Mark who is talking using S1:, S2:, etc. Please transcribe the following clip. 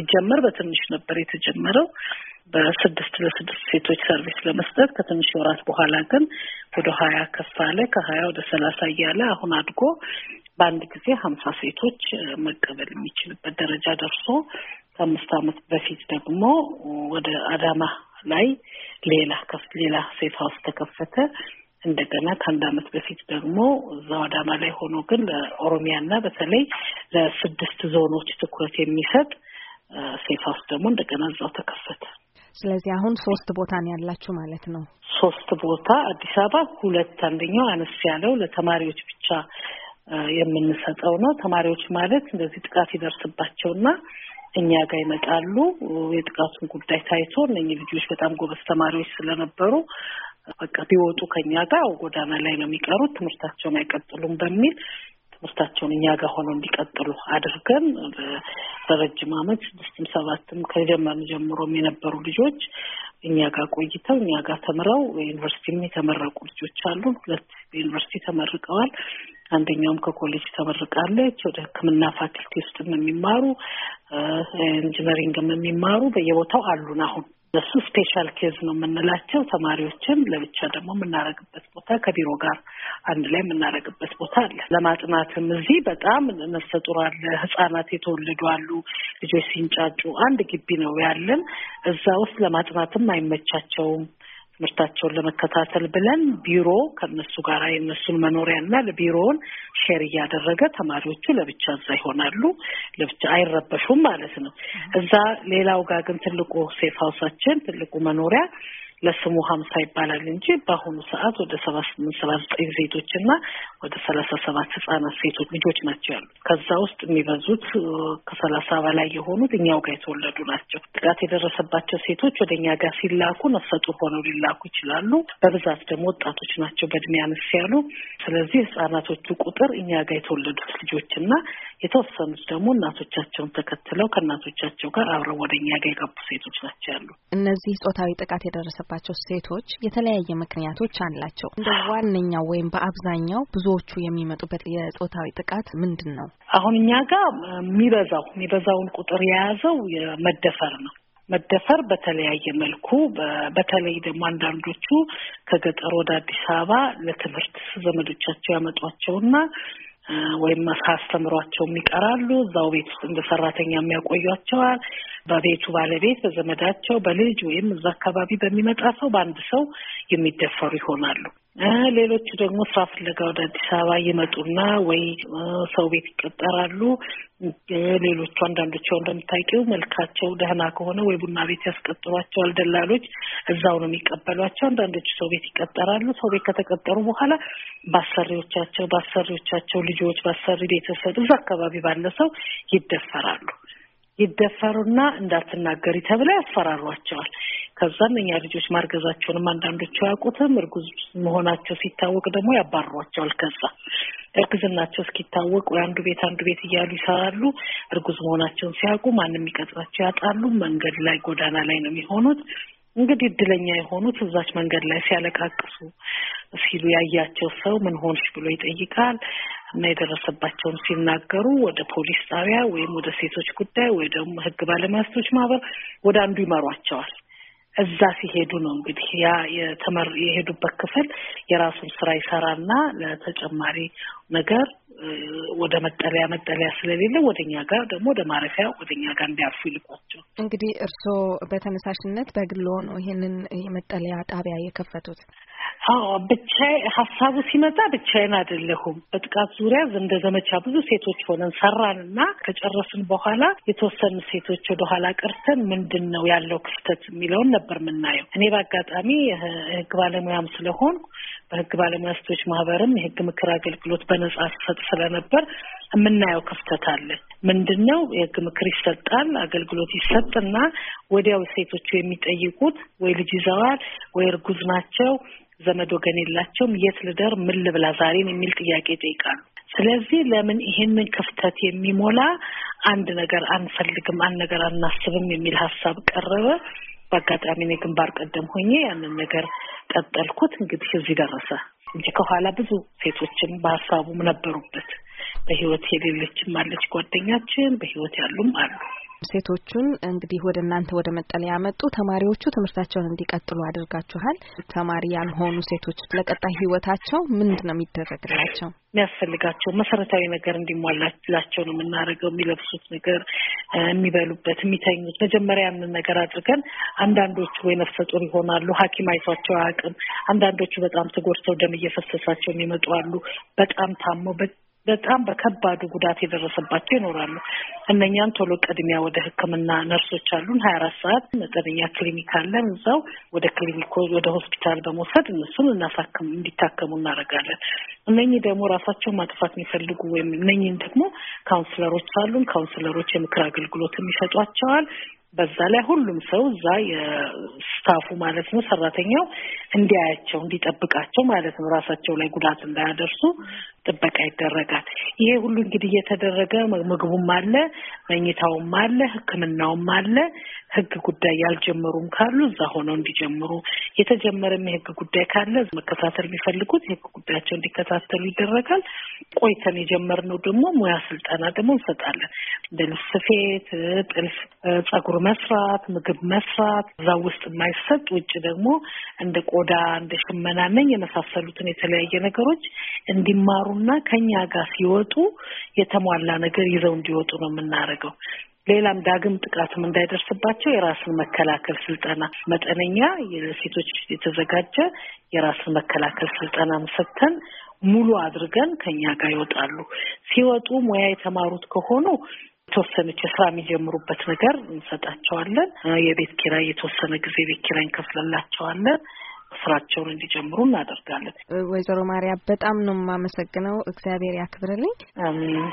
S1: ሲጀመር በትንሽ ነበር የተጀመረው በስድስት ለስድስት ሴቶች ሰርቪስ ለመስጠት ከትንሽ ወራት በኋላ ግን ወደ ሀያ ከፍ አለ። ከሀያ ወደ ሰላሳ እያለ አሁን አድጎ በአንድ ጊዜ ሀምሳ ሴቶች መቀበል የሚችልበት ደረጃ ደርሶ ከአምስት ዓመት በፊት ደግሞ ወደ አዳማ ላይ ሌላ ከፍት ሌላ ሴት ሀውስ ተከፈተ። እንደገና ከአንድ ዓመት በፊት ደግሞ እዛው አዳማ ላይ ሆኖ ግን ለኦሮሚያና በተለይ ለስድስት ዞኖች ትኩረት የሚሰጥ ሴፍ ሀውስ ደግሞ እንደገና እዛው ተከፈተ። ስለዚህ አሁን ሶስት ቦታ ነው ያላችሁ ማለት ነው። ሶስት ቦታ አዲስ አበባ ሁለት፣ አንደኛው አነስ ያለው ለተማሪዎች ብቻ የምንሰጠው ነው። ተማሪዎች ማለት እንደዚህ ጥቃት ይደርስባቸውና እኛ ጋር ይመጣሉ። የጥቃቱን ጉዳይ ታይቶ እነኚህ ልጆች በጣም ጎበዝ ተማሪዎች ስለነበሩ በቃ ቢወጡ ከኛ ጋር ጎዳና ላይ ነው የሚቀሩት፣ ትምህርታቸውን አይቀጥሉም በሚል ትምህርታቸውን እኛ ጋር ሆነው እንዲቀጥሉ አድርገን በረጅም ዓመት ስድስትም ሰባትም ከጀመርን ጀምሮም የነበሩ ልጆች እኛ ጋር ቆይተው እኛ ጋር ተምረው ዩኒቨርሲቲም የተመረቁ ልጆች አሉ። ሁለት በዩኒቨርሲቲ ተመርቀዋል። አንደኛውም ከኮሌጅ ተመርቃለች። ወደ ሕክምና ፋክልቲ ውስጥም የሚማሩ ኢንጂነሪንግም የሚማሩ በየቦታው አሉን። አሁን እነሱ ስፔሻል ኬዝ ነው የምንላቸው ተማሪዎችን ለብቻ ደግሞ የምናደርግበት ቦታ ከቢሮ ጋር አንድ ላይ የምናደርግበት ቦታ አለ። ለማጥናትም እዚህ በጣም ነፍሰ ጡር አለ፣ ህጻናት የተወለዱ አሉ፣ ልጆች ሲንጫጩ አንድ ግቢ ነው ያለን። እዛ ውስጥ ለማጥናትም አይመቻቸውም። ትምህርታቸውን ለመከታተል ብለን ቢሮ ከነሱ ጋር የነሱን መኖሪያና ለቢሮውን ሼር እያደረገ ተማሪዎቹ ለብቻ እዛ ይሆናሉ፣ ለብቻ አይረበሹም ማለት ነው። እዛ ሌላው ጋር ግን ትልቁ ሴፍ ሀውሳችን ትልቁ መኖሪያ ለስሙ ሀምሳ ይባላል እንጂ በአሁኑ ሰዓት ወደ ሰባ ስምንት ሰባ ዘጠኝ ዜጎች እና ወደ ሰላሳ ሰባት ህጻናት ሴቶች ልጆች ናቸው ያሉ። ከዛ ውስጥ የሚበዙት ከሰላሳ በላይ የሆኑት እኛው ጋር የተወለዱ ናቸው። ጥቃት የደረሰባቸው ሴቶች ወደ እኛ ጋር ሲላኩ ነፍሰ ሆነው ሊላኩ ይችላሉ። በብዛት ደግሞ ወጣቶች ናቸው በእድሜ አነስ ያሉ። ስለዚህ ህጻናቶቹ ቁጥር እኛ ጋር የተወለዱት ልጆች እና የተወሰኑት ደግሞ እናቶቻቸውን ተከትለው ከእናቶቻቸው ጋር አብረው ወደ እኛ ጋር የገቡ ሴቶች ናቸው ያሉ
S2: እነዚህ ጾታዊ ጥቃት የደረሰ የሚደርስባቸው ሴቶች የተለያየ ምክንያቶች አላቸው። እንደ ዋነኛው ወይም በአብዛኛው ብዙዎቹ የሚመጡበት
S1: የጾታዊ ጥቃት ምንድን ነው? አሁን እኛ ጋር የሚበዛው የሚበዛውን ቁጥር የያዘው መደፈር ነው። መደፈር በተለያየ መልኩ በተለይ ደግሞ አንዳንዶቹ ከገጠር ወደ አዲስ አበባ ለትምህርት ዘመዶቻቸው ያመጧቸውና ወይም አስተምሯቸውም ይቀራሉ። እዛው ቤት ውስጥ እንደ ሰራተኛ የሚያቆያቸዋል። በቤቱ ባለቤት፣ በዘመዳቸው፣ በልጅ ወይም እዛ አካባቢ በሚመጣ ሰው በአንድ ሰው የሚደፈሩ ይሆናሉ። ሌሎቹ ደግሞ ስራ ፍለጋ ወደ አዲስ አበባ ይመጡና ወይ ሰው ቤት ይቀጠራሉ። ሌሎቹ አንዳንዶቹ እንደምታውቂው መልካቸው ደህና ከሆነ ወይ ቡና ቤት ያስቀጥሯቸዋል ደላሎች፣ እዛው ነው የሚቀበሏቸው። አንዳንዶቹ ሰው ቤት ይቀጠራሉ። ሰው ቤት ከተቀጠሩ በኋላ በአሰሪዎቻቸው በአሰሪዎቻቸው ልጆች፣ በአሰሪ ቤተሰብ፣ እዛ አካባቢ ባለ ሰው ይደፈራሉ። ይደፈሩና እንዳትናገሪ ተብለው ያስፈራሯቸዋል። ከዛም እኛ ልጆች ማርገዛቸውንም አንዳንዶቹ አያውቁትም። እርጉዝ መሆናቸው ሲታወቅ ደግሞ ያባሯቸዋል። ከዛ እርግዝናቸው እስኪታወቅ ወይ አንዱ ቤት አንዱ ቤት እያሉ ይሰራሉ። እርጉዝ መሆናቸውን ሲያውቁ ማንም የሚቀጥራቸው ያጣሉ። መንገድ ላይ ጎዳና ላይ ነው የሚሆኑት። እንግዲህ እድለኛ የሆኑት እዛች መንገድ ላይ ሲያለቃቅሱ ሲሉ ያያቸው ሰው ምን ሆንሽ ብሎ ይጠይቃል እና የደረሰባቸውን ሲናገሩ ወደ ፖሊስ ጣቢያ ወይም ወደ ሴቶች ጉዳይ ወይ ደግሞ ሕግ ባለሙያ ሴቶች ማህበር ወደ አንዱ ይመሯቸዋል። እዛ ሲሄዱ ነው እንግዲህ ያ የተመር የሄዱበት ክፍል የራሱን ስራ ይሰራና ለተጨማሪ ነገር ወደ መጠለያ መጠለያ ስለሌለ ወደኛ ጋር ደግሞ ወደ ማረፊያ ወደኛ ጋር እንዲያርፉ ይልቋቸው።
S2: እንግዲህ እርስዎ በተነሳሽነት በግሎ ነው ይሄንን የመጠለያ ጣቢያ
S1: የከፈቱት? አዎ ብቻዬ ሀሳቡ ሲመጣ ብቻዬን አይደለሁም። በጥቃት ዙሪያ እንደ ዘመቻ ብዙ ሴቶች ሆነን ሰራን እና ከጨረስን በኋላ የተወሰኑ ሴቶች ወደኋላ ቀርተን ምንድን ነው ያለው ክፍተት የሚለውን ነበር የምናየው። እኔ በአጋጣሚ የህግ ባለሙያም ስለሆን በህግ ባለሙያ ሴቶች ማህበርም የህግ ምክር አገልግሎት በነጻ ስሰጥ ስለነበር የምናየው ክፍተት አለ። ምንድን ነው የህግ ምክር ይሰጣል፣ አገልግሎት ይሰጥና ወዲያው ሴቶቹ የሚጠይቁት ወይ ልጅ ይዘዋል ወይ እርጉዝ ናቸው ዘመድ ወገን የላቸውም። የት ልደር፣ ምን ልብላ ዛሬን የሚል ጥያቄ ይጠይቃሉ። ስለዚህ ለምን ይሄንን ክፍተት የሚሞላ አንድ ነገር አንፈልግም፣ አንድ ነገር አናስብም የሚል ሀሳብ ቀረበ። በአጋጣሚ እኔ ግንባር ቀደም ሆኜ ያንን ነገር ቀጠልኩት። እንግዲህ እዚህ ደረሰ እንጂ ከኋላ ብዙ ሴቶችም በሀሳቡም ነበሩበት። በህይወት የሌለችም አለች ጓደኛችን፣ በህይወት ያሉም አሉ። ሴቶቹን
S2: እንግዲህ ወደ እናንተ ወደ መጠለያ መጡ። ተማሪዎቹ ትምህርታቸውን እንዲቀጥሉ አድርጋችኋል። ተማሪ ያልሆኑ ሴቶች ለቀጣይ ህይወታቸው ምንድን ነው የሚደረግላቸው?
S1: የሚያስፈልጋቸው መሰረታዊ ነገር እንዲሟላላቸው ነው የምናደርገው። የሚለብሱት ነገር፣ የሚበሉበት፣ የሚተኙት መጀመሪያ ያንን ነገር አድርገን አንዳንዶቹ ወይ ነፍሰ ጡር ይሆናሉ፣ ሐኪም አይቷቸው አያውቅም። አንዳንዶቹ በጣም ተጎድተው ደም እየፈሰሳቸው የሚመጡ አሉ። በጣም ታመው በጣም በከባዱ ጉዳት የደረሰባቸው ይኖራሉ። እነኛን ቶሎ ቅድሚያ ወደ ሕክምና ነርሶች አሉን ሀያ አራት ሰዓት መጠነኛ ክሊኒክ አለን። እዛው ወደ ክሊኒክ ወደ ሆስፒታል በመውሰድ እነሱን እናሳክም እንዲታከሙ እናደርጋለን። እነኚህ ደግሞ ራሳቸው ማጥፋት የሚፈልጉ ወይም እነኚህን ደግሞ ካውንስለሮች አሉን። ካውንስለሮች የምክር አገልግሎትም ይሰጧቸዋል። በዛ ላይ ሁሉም ሰው እዛ የስታፉ ማለት ነው ሰራተኛው እንዲያያቸው እንዲጠብቃቸው ማለት ነው ራሳቸው ላይ ጉዳት እንዳያደርሱ ጥበቃ ይደረጋል። ይሄ ሁሉ እንግዲህ እየተደረገ ምግቡም አለ፣ መኝታውም አለ፣ ሕክምናውም አለ። ሕግ ጉዳይ ያልጀመሩም ካሉ እዛ ሆነው እንዲጀምሩ፣ የተጀመረም የሕግ ጉዳይ ካለ መከታተል የሚፈልጉት የሕግ ጉዳያቸው እንዲከታተሉ ይደረጋል። ቆይተን የጀመርነው ደግሞ ሙያ ስልጠና ደግሞ እንሰጣለን። እንደ ልብስ ስፌት፣ ጥልፍ፣ ጸጉር መስራት፣ ምግብ መስራት እዛ ውስጥ የማይሰጥ ውጭ ደግሞ እንደ ቆዳ እንደ ነኝ የመሳሰሉትን የተለያየ ነገሮች እንዲማሩና ከኛ ጋር ሲወጡ የተሟላ ነገር ይዘው እንዲወጡ ነው የምናደርገው። ሌላም ዳግም ጥቃትም እንዳይደርስባቸው የራስን መከላከል ስልጠና መጠነኛ የሴቶች የተዘጋጀ የራስን መከላከል ስልጠናም ሰጥተን ሙሉ አድርገን ከኛ ጋር ይወጣሉ። ሲወጡ ሙያ የተማሩት ከሆኑ የተወሰነች የስራ የሚጀምሩበት ነገር እንሰጣቸዋለን። የቤት ኪራይ የተወሰነ ጊዜ ቤት ኪራይ እንከፍለላቸዋለን። ስራቸውን እንዲጀምሩ እናደርጋለን።
S2: ወይዘሮ ማርያም በጣም ነው የማመሰግነው። እግዚአብሔር ያክብርልኝ።